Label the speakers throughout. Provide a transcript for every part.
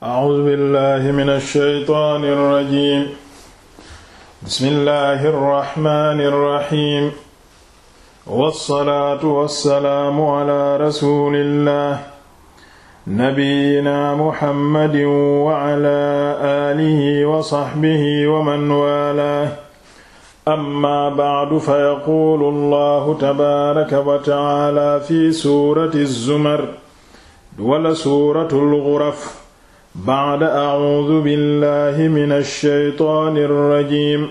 Speaker 1: A'uuzu billaahi mina shaytaani rajiim. Bismillaahi rahmaani rahiim. Wassalaatu wassalaamu alaa rasuulillaah. Nabiyyinaa Muhammadin wa alaa aalihi wa sahbihi wa man waalaah. Ammaa ba'du fa yaquulu Allaahu tabaaraka wa ta'aalaa fi suurati Zumar wala suuratul Ghuraf. bacda acuudu billahi min alsheytaan alrajim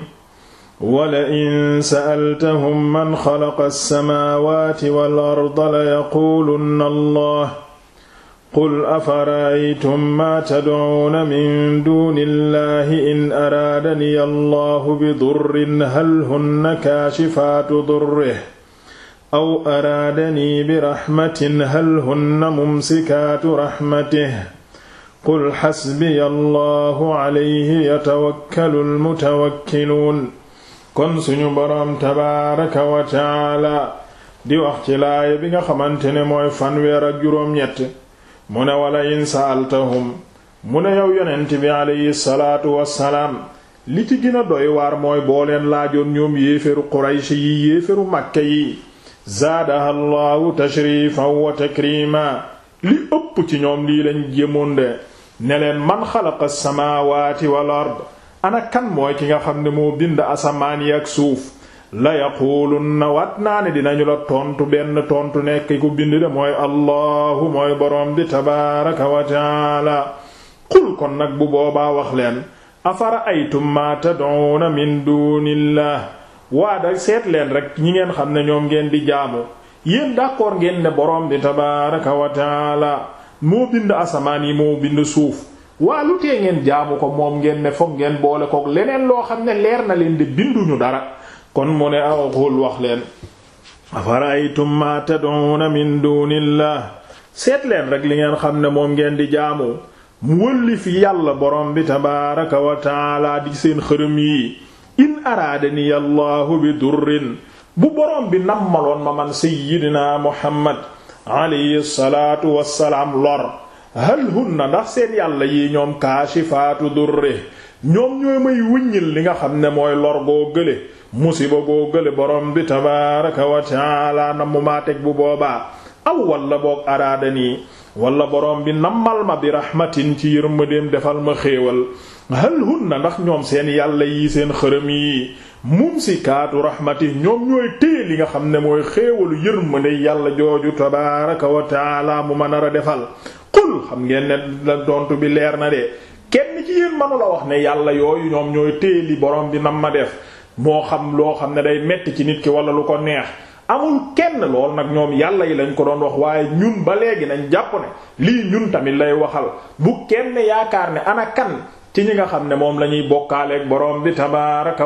Speaker 1: wala in sa'altahum man xalaqa alsamaawaati wal arda layaquulunna allah qul afara'aytum maa tadcuuna min duuni illahi in araadani allahu bidurrin hal hunna kaashifaatu durrihi aw araadani birahmatin hal hunna mumsikaatu raxmatihi qul xasbiya allahu yatawakkalu almutawakkiluun kon suñu boroom tabaaraka wa taala di wax ci laaya bi nga xamante ne mooy fanweer ak juróom-ñett mu ne wala in saaltahum mu ne yow yonent bi alayhi salaatu wassalaam li ci gën a mooy boo leen ñoom yéeféru quraysh yi yéeféru màkke yi zaadaha allahu tashrifan wa takrima li ëpp ci ñoom lii lañ jëmoon ne leen man xalaqa samaawaati wal ard ana kan mooy ki nga xam ne moo bind asamaan yi ak suuf la yaquulunna waat naa ne dinañu la tontu benn tontu nekk ku bind de mooy allahu mooy boroom bi tabaaraka wa taala qul kon nag bu boobaa wax leen afara aytum ma tad'una min dunillah waa da seet leen rek ñi ngeen xam ne ñoom ngeen di jaamu yéen d'accord ngeen ne boroom bi tabaaraka wa taala moo bind asamaan yi moo bind suuf waa lu ngeen jaamu ko moom ngeen ne foog ngeen boole kook leneen loo xam ne leer na leen di binduñu dara kon mu ne aqul ah, wax leen afara'aytum ma tad'una min dunillah seet leen li ngeen xam ne moom ngeen di jaamu mu wëlli fi yàlla borom bi tabaaraka wa taala di seen xërëm yi in araadani allahu bi durrin bu borom bi nammaloon ma man sayyidina muhammad alayhi salaatu wassalaam lor na ndax seen yàlla yi ñoom kaashifaatu durri ñoom ñooy may wuññil li nga xam ne mooy lor goo gële musiba goo gële borom bi tabaaraka wa taala na mu maa teg bu boobaa aw walla boog araada nii walla borom bi nammal ma bi rahmatin ci yërmandeem defal ma xéewal hal hunna ndax ñoom seen yàlla yi seen xërëm yi mumsikaatu rahmati ñoom ñooy rëy li nga xam ne mooy xéewalu yërmande yàlla jooju tabaaraka wa taala mu ma nar a defal qul xam ngeen ne la dont bi leer na de kenn ci yéen manu la wax ne yàlla yooyu ñoom ñooy téeli boroom bi nam ma def moo xam loo xam ne day metti ci nit ki wala lu ko neex amul kenn lool nag ñoom yàlla yi lañ ko doon wax waaye ñun ba léegi nañ jàpp ne lii ñun tamit lay waxal bu kenn yaakaar ne ana ci ñi nga xam ne moom la ñuy bokkaaleeg bi tabaaraka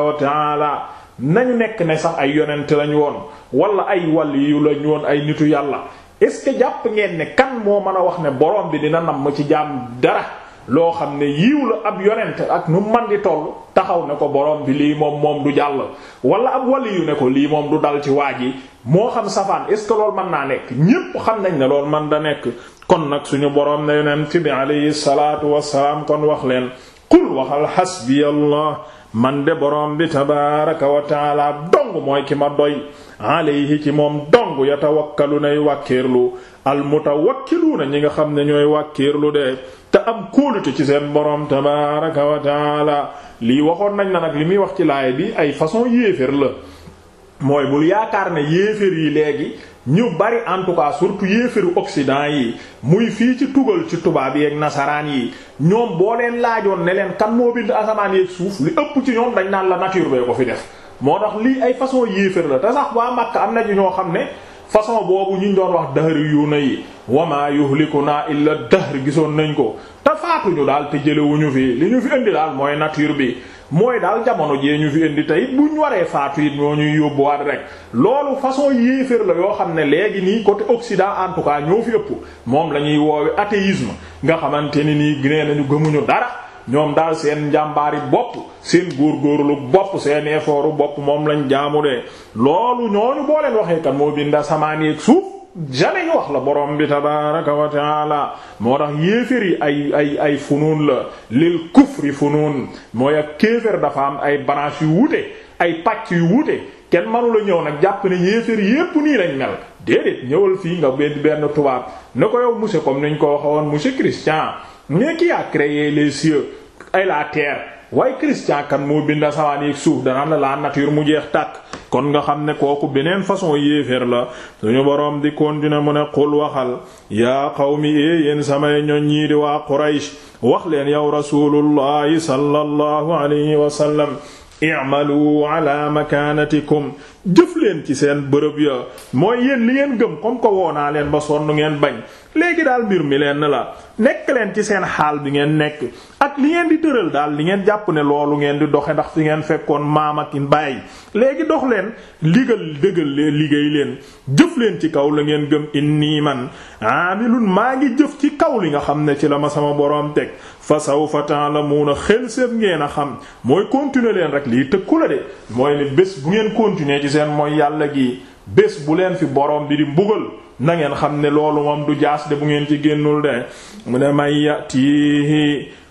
Speaker 1: nañu nekk ne sax ay yonent lañu woon wala ay waliyu lañu woon ay nitu yàlla est-ce que jàpp ngeen ne kan moo mën a wax ne boroom bi dina nam ci jaam dara loo xam ne yiiw la ab yonent ak nu man di toll taxaw ne ko borom bi lii moom moom du jàll wala ab waliyu ne ko lii moom du dal ci waa ji moo xam safaan est-ce que mën naa nekk ñépp xam nañ ne lool man da nekk kon nag suñu borom ne yonent bi alayhi salaatu wassalaam kon wax leen qul waxal hasbi man de borom bi tabaaraka wa taala dong mooy ki ma doy alayhi ci moom dong yatawakkalu nay wàkkiirlu almutawakkiluuna ñi nga xam ne ñooy wàkkiirlu de te am kóolute ci seen borom tabaaraka wa taala lii waxoon nañ la nag li muy wax ci laay bi ay façon yéeféer la mooy bul yaakaar ne yéeféer yi léegi ñu bari en tout cas surtout yéeféru Occident yi muy fii ci tugal ci tubaab yi ak nasaraan yi ñoom boo leen laajoon ne leen kan moo bind asamaan yeeg suuf li ëpp ci ñoom dañ daan la nature bee ko fi def moo tax lii ay façon yéeféer la te sax waa Makka am na ci ñoo xam ne façon boobu ñu doon wax dahri yu na yi wama yuhlikuna illa dahr gisoon nañ ko te faatuñu daal te jëlewuñu fi li ñu fi indi daal mooy nature bi mooy daal jamono jee ñu fi indi tey bu ñu waree faatu it ñoo ñuy yóbbuwaat rek loolu façon yéeféer la yoo xam ne léegi nii côté Occident en tout cas ñoo fi ëpp moom la ñuy woowe athéisme nga xamante ni nii nee nañu gëmuñu dara ñoom daal seen njàmbaari bopp seen góorgóorlu bopp seen effort bopp moom lañ jaamu de loolu ñooñu boo leen waxee kan moo bind asamaan ak suuf. jamais ñu wax la borom bi tabaaraka wa taala moo tax yéefér yi ay ay ay funuun la lil kufri funuun mooy ak kéefér dafa am ay branches yu wuute ay pàcc yu wuute kenn manu la ñëw nag jàpp ne yéefér yépp nii lañ mel déedéet ñëwal fii nga benn benn tubaab ne ko yow monsieur comme niñ ko waxoon monsieur Christian mais qui a créé les cieux et la terre waaye christian kan moo binda sawaan yi suuf danaan la la nature mu jeex tàkk kon nga xam ne kooku beneen façon yéeféer la suñu boroom di continuer mu ne xul waxal yaa qawmi ee yéen samay ñoñ ñii di waa Quraysh wax leen yow rasulullahi sallallahu alayhi wasallam i'malu ala makanatikum jëf leen ci seen bërëb ya mooy yéen li ngeen gëm kom ko woonaa leen ba sonn ngeen bañ léegi daal mbir mi leen na la nekk leen ci seen xaal bi ngeen nekk ak li ngeen di tëral daal li ngeen jàpp ne loolu ngeen di doxe ndax fi ngeen fekkoon maam ak bàyyi léegi dox leen ligal dëgal leen liggéey leen jëf leen ci kaw la ngeen gëm nii man amilun maa ngi jëf ci kaw li nga xam ne ci la ma sama borom teg fa sawfa ta'lamuna xel séeb ngeen a xam mooy continuer leen rek lii tëkku la de mooy ne bés bu ngeen continuer ci seen mooy yàlla gi bés bu leen fi borom bi di mbugal nangeen xam ne loolu moom du jaas de bu ngeen ci génnul de mu ne man yatihi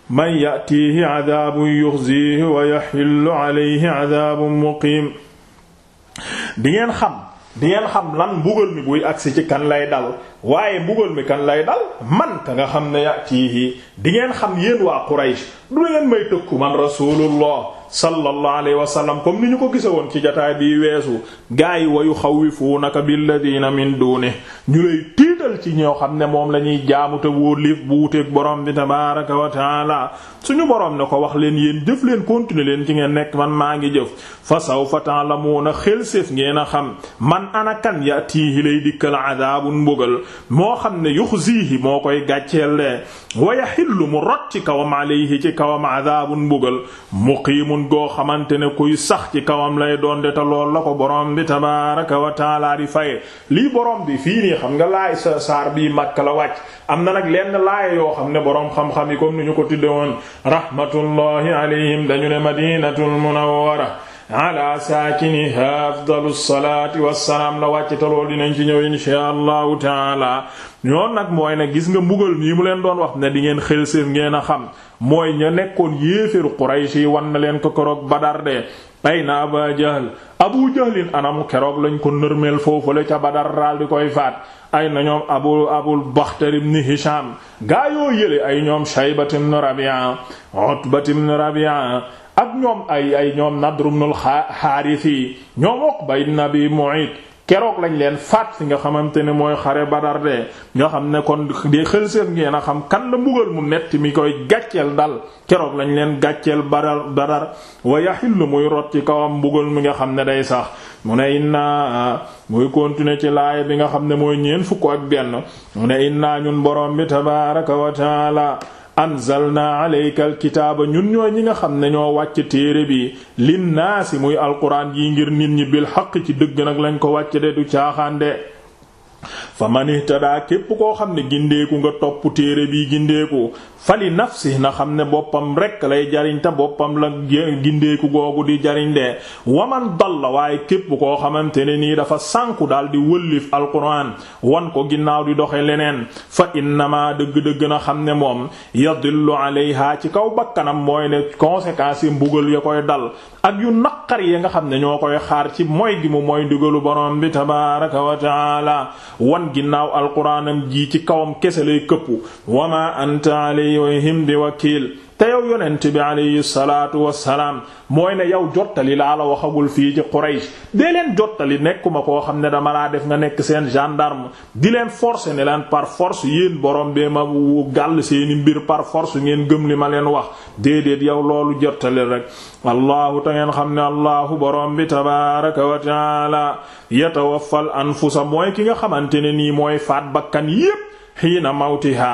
Speaker 1: man yatihi adabun yuxzihi wa yaxillu alayhi adabun muqim di ngeen xam di ngeen xam lan mbugal mi buy agsi ci kan lay dal waaye mbugal mi kan lay dal man ka nga xam ne yatiihi di ngeen xam yéen waa Quraysh du ngeen may tëkku man rasulullah sallallahu alayhi wa sallam comme ni ñu ko gisa woon ci jotaay bi weesu gaa yi wayu xawwifuunaka billadina min duunihi ñu lay jiital ci ñoo xam ne moom la ñuy jaamu te wóolif bu wuteeg borom bi tabaaraka wa taala suñu boroom ne ko wax leen yéen jëf leen continuer leen ci ngeen nekk man maa ngi jëf fa moo ta'lamuuna xel séef ngeen a xam man anakan yatiihi lay dikkal adaabun mbugal moo xam ne yuxziihi moo koy gàcceel lee wa yaxillu mu rot ci kawam alayhi ci kawam adaabun mbugal muqiimun goo xamante ne kuy sax ci kawam lay doon de te lool la ko borom bi tabaaraka wa taala di sa saar bii Makka la wàcc am na nag lenn laaya yoo xam ne boroom xam-xam yi kom nu ñu ko tudde woon rahmatullahi alayhim dañu ne madinatul munawwara ala saakiniha afdalu wa wassalaam la wàcc talool dinañ ci ñëw inshaa allahu taala ñoon nag mooy na gis nga mbugal nii mu leen doon wax ne di ngeen xel seen ngeen a xam mooy ña nekkoon yéeféru Quraysh yi wan na leen ko keroog Badar de bay na Aba Jahl Abu Jahlin anamu keroog lañ ko nërmeel foofule ca Badar daal di koy faat ay na ñoom abu abul Baxtar ibn Hisham gaayoo yële ay ñoom Shaybat ibn Rabi'a Utbat ibn Rabi'a ak ñoom ay ay ñoom Nadr ibn al-Harith ñoom Uqba ibn Abi Mu'ayt keroog lañ leen faat fi nga xamante ne mooy xare Badar de nga xam ne kon de xëlséef ngeen a xam kan la mbugal mu metti mi koy gàcceel dal keroog lañ leen gàcceel Badar Badar wa lu muy rot ci kawam mbugal mi nga xam ne day sax mu ne inna muy kontinue ci laaya bi nga xam ne mooy ñeen fukk ak benn mu ne inna ñun borom bi tabaaraka wa anzalna alayka alkitaaba ñun ñooy ñi nga xam ne ñoo wàcc téere bi linnaasi muy alquran yi ngir nit ñi bil xaq ci dëgg nag lañ ko wàcc de du caaxaan fa man ihtadaa képp koo xam ne gindeeku nga topp téere bii gindeeku fali nafsi na xam ne boppam rekk lay jariñ te boppam la gindeeku googu di jariñ de waman la waaye képp koo xamante ne nii dafa sànku daal di wëllif alquran wan ko ginnaaw di doxe leneen fa innama dëgg-dëgg na xam ne moom yadillu alayha ci kaw bakkanam mooy ne conséquences yi mbugal ya koy dal ak yu naqar yi nga xam ne ñoo koy xaar ci mooy gi mu mooy ndigalu borom bi tabaraka wa taala wan ginnaaw alquraanam ji ci kawam kese lay këppu wa ma anta alayhim bi wakiil te yow yonent bi alayhi salaatu wassalaam mooy ne yow jottali laa la waxagul fii ci Quraysh dee leen jottali nekkuma koo xam ne dama laa def nga nekk seen gendarme di leen forcer ne leen par force yéen borom bee ma gàll seeni mbir par force ngeen gëm li ma leen wax déedéet yow loolu jottali rek allahu te ngeen xam ne allahu borom bi tabaaraka wa taala yatawaffal anfusa mooy ki nga xamante ne nii mooy faat bakkan yépp xiina mawtiha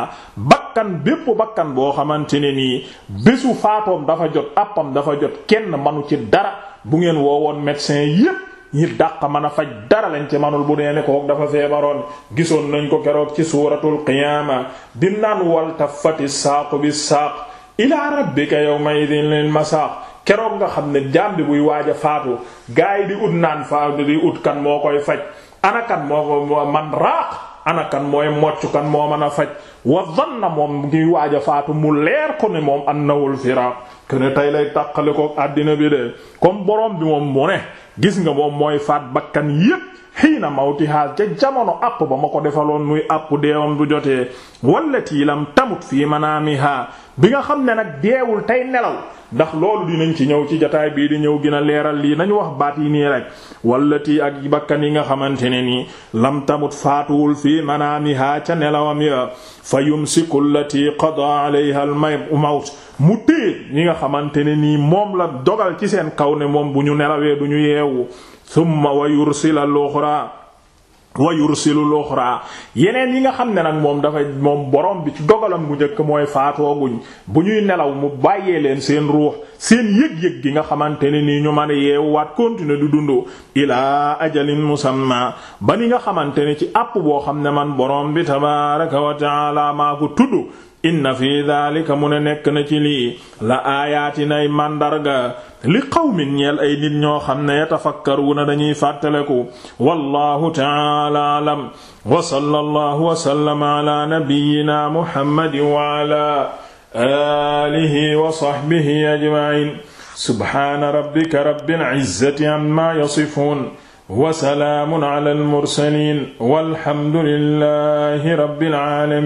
Speaker 1: kan bépp bakkan boo xamante ne nii bésu faatoom dafa jot appam dafa jot kenn manu ci dara bu ngeen woo woowoon médecin yépp ñi dàq mën a faj dara lañ ci manul bu dee ne dafa feebaroon gisoon nañ ko keroog ci suuratul qiyaama di naan wal taffati saaqu bi saaq ilaa rabbika yawma idin lil masaaq keroog nga xam ne jaam buy waaj a faatu gaay di ut naan faatu di ut kan moo koy faj anakan moo ko man raaq kan mooy moccukan moo mën a faj wa zanna moom ngi waaj a faatu mu leer ko ne moom annawul firaaq kene tey lay tàqale ko àddina bi de comme borom bi moom mu ne gis nga moom mooy faat bakkan yépp xiina mawtihaa ca jamono àpp ba ma ko defaloon muy àpp deewam du jotee wallati lam tamut fii manaamihaa bi nga xam ne nag deewul tey nelaw ndax loolu dinañ ci ñëw ci jataay bii di ñëw gën a leeral lii nañu wax baat yi nii rek wallati ak bakkan yi nga xamante ne nii lam tamut faatuwul fii manaamihaa ca nelawam ya fa yumsiku allati qada alayha al mawt mu téye ñi nga xamante ne nii moom la dogal ci seen kaw ne moom bu ñu nelawee du ñu yeewu thumma wa yursila al-ukhra wa yursilu al-ukhra yeneen yi nga xam ne nag moom dafa moom boroom bi ci dogalam bu njëkk mooy faatooguñ bu ñuy nelaw mu bàyyee leen seen ruux seen yëg-yëg gi nga xamante ne nii ñu mën a waat continuer du dundu ilaa ajalin musamma ba ni nga xamante ne ci àpp boo xam ne man boroom bi tabaaraka wa taala maa ko tudd inna fi daalika mu ne nekk na ci lii la aayaati nay màndarga li qawmin ñeel ay nit ñoo xam ne yatafakkaruna dañuy fàttaleku wallahu ta'ala alam wa sallallahu wa sallama ala nabiyyina muhammadin wa ala alihi wa sahbihi ajma'in subhana rabbika rabbil izzati amma yasifun wa salaamun ala al mursalin walhamdulillahi rabbil alamin